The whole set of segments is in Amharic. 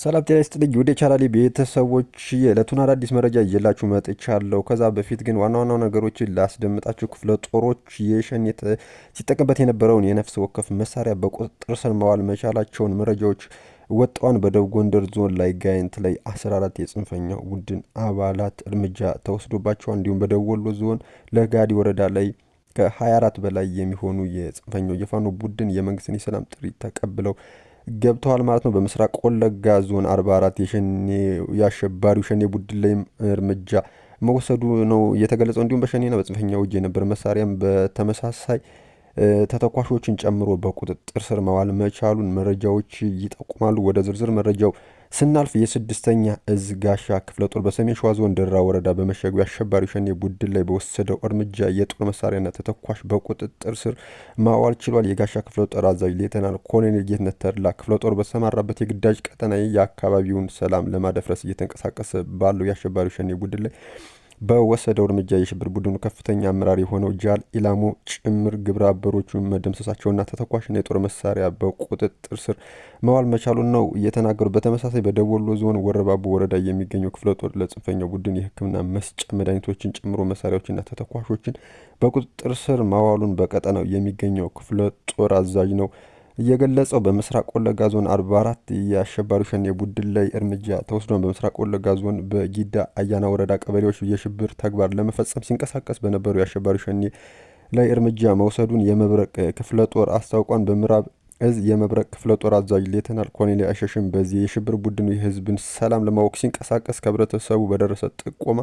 ሰላም ጤና ይስጥልኝ ወደ የቻናሌ ቤተሰቦች፣ የዕለቱን አዳዲስ መረጃ እየላችሁ መጥቻለሁ። ከዛ በፊት ግን ዋና ዋና ነገሮችን ላስደምጣችሁ። ክፍለ ጦሮች የሸኔ ሲጠቀምበት የነበረውን የነፍስ ወከፍ መሳሪያ በቁጥጥር ስር መዋል መቻላቸውን መረጃዎች ወጣዋን። በደቡብ ጎንደር ዞን ላይ ጋይንት ላይ 14 የጽንፈኛ ቡድን አባላት እርምጃ ተወስዶባቸዋል። እንዲሁም በደቡብ ወሎ ዞን ለጋዲ ወረዳ ላይ ከ24 በላይ የሚሆኑ የጽንፈኛው የፋኖ ቡድን የመንግስትን የሰላም ጥሪ ተቀብለው ገብተዋል ማለት ነው። በምስራቅ ወለጋ ዞን 44 የአሸባሪው ሸኔ ቡድን ላይ እርምጃ መወሰዱ ነው የተገለጸው። እንዲሁም በሸኔና በጽንፈኛ ውጅ የነበረ መሳሪያም በተመሳሳይ ተተኳሾችን ጨምሮ በቁጥጥር ስር መዋል መቻሉን መረጃዎች ይጠቁማሉ። ወደ ዝርዝር መረጃው ስናልፍ የስድስተኛ እዝ ጋሻ ክፍለ ጦር በሰሜን ሸዋ ዞን ደራ ወረዳ በመሸጉ የአሸባሪው ሸኔ ቡድን ላይ በወሰደው እርምጃ የጦር መሳሪያና ተተኳሽ በቁጥጥር ስር ማዋል ችሏል። የጋሻ ክፍለ ጦር አዛዥ ሌተናል ኮሎኔል ጌትነት ተድላ ክፍለ ጦር በተሰማራበት የግዳጅ ቀጠና የአካባቢውን ሰላም ለማደፍረስ እየተንቀሳቀሰ ባለው የአሸባሪው ሸኔ ቡድን ላይ በወሰደው እርምጃ የሽብር ቡድኑ ከፍተኛ አመራር የሆነው ጃል ኢላሙ ጭምር ግብረ አበሮቹ መደምሰሳቸውና ተተኳሽና የጦር መሳሪያ በቁጥጥር ስር መዋል መቻሉን ነው እየተናገሩ። በተመሳሳይ በደቡብ ወሎ ዞን ወረባቦ ወረዳ የሚገኘው ክፍለ ጦር ለጽንፈኛው ቡድን የሕክምና መስጫ መድኃኒቶችን ጨምሮ መሳሪያዎችና ተተኳሾችን በቁጥጥር ስር መዋሉን በቀጠናው የሚገኘው ክፍለ ጦር አዛዥ ነው እየገለጸው በምስራቅ ወለጋ ዞን 44 የአሸባሪ ሸኔ ቡድን ላይ እርምጃ ተወስዶን በምስራቅ ወለጋ ዞን በጊዳ አያና ወረዳ ቀበሌዎች የሽብር ተግባር ለመፈጸም ሲንቀሳቀስ በነበሩ የአሸባሪ ሸኔ ላይ እርምጃ መውሰዱን የመብረቅ ክፍለ ጦር አስታውቋን። በምዕራብ እዝ የመብረቅ ክፍለ ጦር አዛዥ ሌተናል ኮሎኔል አይሸሽም በዚህ የሽብር ቡድኑ የህዝብን ሰላም ለማወቅ ሲንቀሳቀስ ከህብረተሰቡ በደረሰ ጥቆማ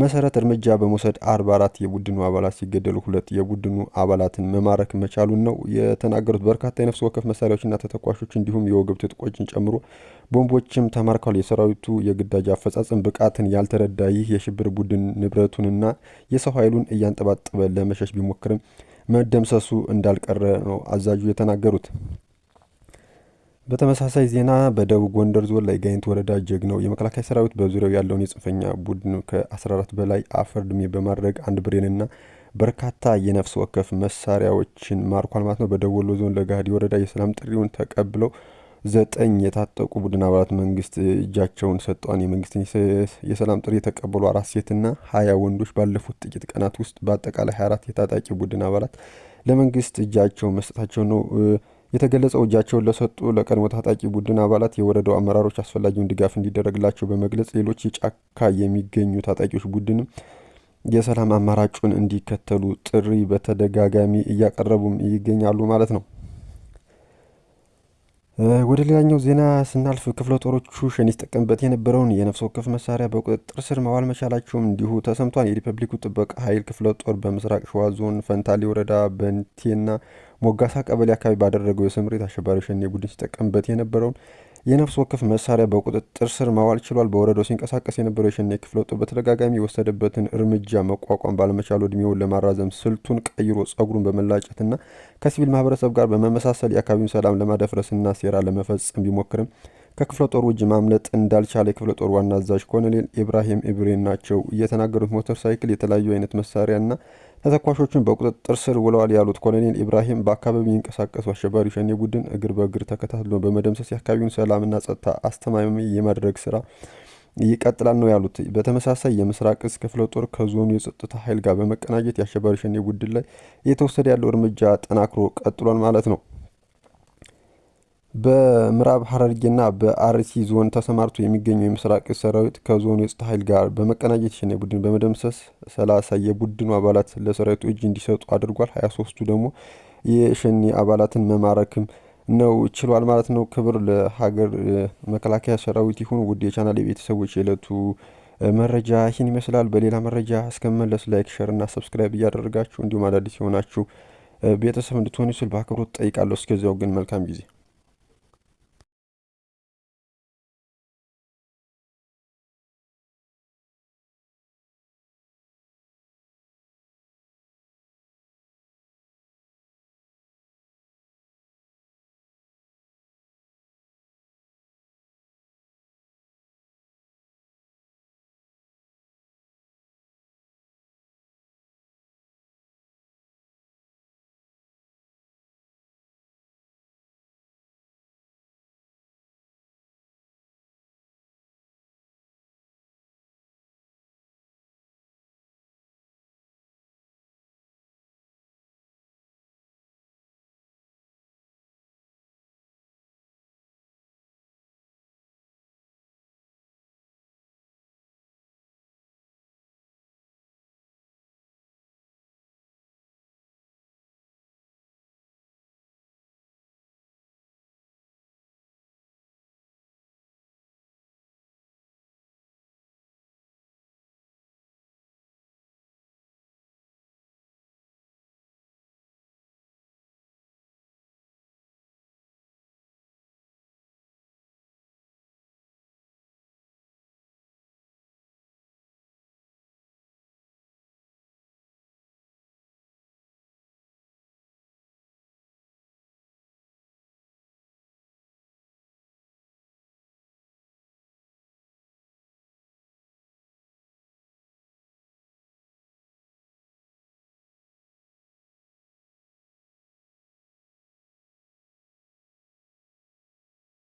መሰረት እርምጃ በመውሰድ 44 የቡድኑ አባላት ሲገደሉ ሁለት የቡድኑ አባላትን መማረክ መቻሉን ነው የተናገሩት። በርካታ የነፍስ ወከፍ መሳሪያዎችና ተተኳሾች እንዲሁም የወገብ ትጥቆችን ጨምሮ ቦምቦችም ተማርከዋል። የሰራዊቱ የግዳጅ አፈጻጸም ብቃትን ያልተረዳ ይህ የሽብር ቡድን ንብረቱንና የሰው ኃይሉን እያንጠባጠበ ለመሸሽ ቢሞክርም መደምሰሱ እንዳልቀረ ነው አዛዡ የተናገሩት። በተመሳሳይ ዜና በደቡብ ጎንደር ዞን ላይ ጋይንት ወረዳ ጀግነው የመከላከያ ሰራዊት በዙሪያው ያለውን የጽንፈኛ ቡድን ከ14 በላይ አፈር ድሜ በማድረግ አንድ ብሬንና በርካታ የነፍስ ወከፍ መሳሪያዎችን ማርኳል ማለት ነው። በደቡብ ወሎ ዞን ለጋህዲ ወረዳ የሰላም ጥሪውን ተቀብለው ዘጠኝ የታጠቁ ቡድን አባላት መንግስት እጃቸውን ሰጠዋን። የመንግስትን የሰላም ጥሪ የተቀበሉ አራት ሴትና ሀያ ወንዶች ባለፉት ጥቂት ቀናት ውስጥ በአጠቃላይ ሀያ አራት የታጣቂ ቡድን አባላት ለመንግስት እጃቸውን መስጠታቸው ነው የተገለጸው እጃቸውን ለሰጡ ለቀድሞ ታጣቂ ቡድን አባላት የወረዳው አመራሮች አስፈላጊውን ድጋፍ እንዲደረግላቸው በመግለጽ ሌሎች የጫካ የሚገኙ ታጣቂዎች ቡድንም የሰላም አማራጩን እንዲከተሉ ጥሪ በተደጋጋሚ እያቀረቡም ይገኛሉ ማለት ነው። ወደ ሌላኛው ዜና ስናልፍ ክፍለ ጦሮቹ ሸኔ ሲጠቀምበት የነበረውን የነፍስ ወከፍ መሳሪያ በቁጥጥር ስር መዋል መቻላቸውም እንዲሁ ተሰምቷል። የሪፐብሊኩ ጥበቃ ኃይል ክፍለ ጦር በምስራቅ ሸዋ ዞን ፈንታሌ ወረዳ በንቴና ሞጋሳ ቀበሌ አካባቢ ባደረገው የስምሪት አሸባሪ ሸኔ ቡድን ሲጠቀምበት የነበረውን የነፍስ ወከፍ መሳሪያ በቁጥጥር ስር ማዋል ችሏል። በወረዳው ሲንቀሳቀስ የነበረው የሸኔ ክፍለ ጦር በተደጋጋሚ የወሰደበትን እርምጃ መቋቋም ባለመቻሉ እድሜውን ለማራዘም ስልቱን ቀይሮ ጸጉሩን በመላጨትና ከሲቪል ማህበረሰብ ጋር በመመሳሰል የአካባቢውን ሰላም ለማደፍረስና ሴራ ለመፈጸም ቢሞክርም ከክፍለ ጦሩ እጅ ማምለጥ እንዳልቻለ የክፍለ ጦር ዋና አዛዥ ኮሎኔል ኢብራሂም ኢብሬን ናቸው እየተናገሩት። ሞተር ሳይክል፣ የተለያዩ አይነት መሳሪያና ተተኳሾቹን በቁጥጥር ስር ውለዋል ያሉት ኮሎኔል ኢብራሂም በአካባቢ የሚንቀሳቀሱ አሸባሪ ሸኔ ቡድን እግር በእግር ተከታትሎ በመደምሰስ የአካባቢውን ሰላምና ጸጥታ አስተማሚ የማድረግ ስራ ይቀጥላል ነው ያሉት። በተመሳሳይ የምስራቅ እዝ ክፍለ ጦር ከዞኑ የጸጥታ ኃይል ጋር በመቀናጀት የአሸባሪ ሸኔ ቡድን ላይ እየተወሰደ ያለው እርምጃ ጠናክሮ ቀጥሏል ማለት ነው። በምዕራብ ሐረርጌና በአርሲ ዞን ተሰማርቶ የሚገኘው የምስራቅ እዝ ሰራዊት ከዞኑ የጸጥታ ኃይል ጋር በመቀናጀት የሸኔ ቡድን በመደምሰስ ሰላሳ የቡድኑ አባላት ለሰራዊቱ እጅ እንዲሰጡ አድርጓል ሀያ ሶስቱ ደግሞ የሸኔ አባላትን መማረክም ነው ችሏል ማለት ነው። ክብር ለሀገር መከላከያ ሰራዊት ይሁን። ውድ የቻናል የቤተሰቦች የዕለቱ መረጃ ይህን ይመስላል። በሌላ መረጃ እስከመለስ ላይክ፣ ሸር እና ሰብስክራይብ እያደረጋችሁ እንዲሁም አዳዲስ የሆናችሁ ቤተሰብ እንድትሆኑ ስል በአክብሮት ጠይቃለሁ። እስከዚያው ግን መልካም ጊዜ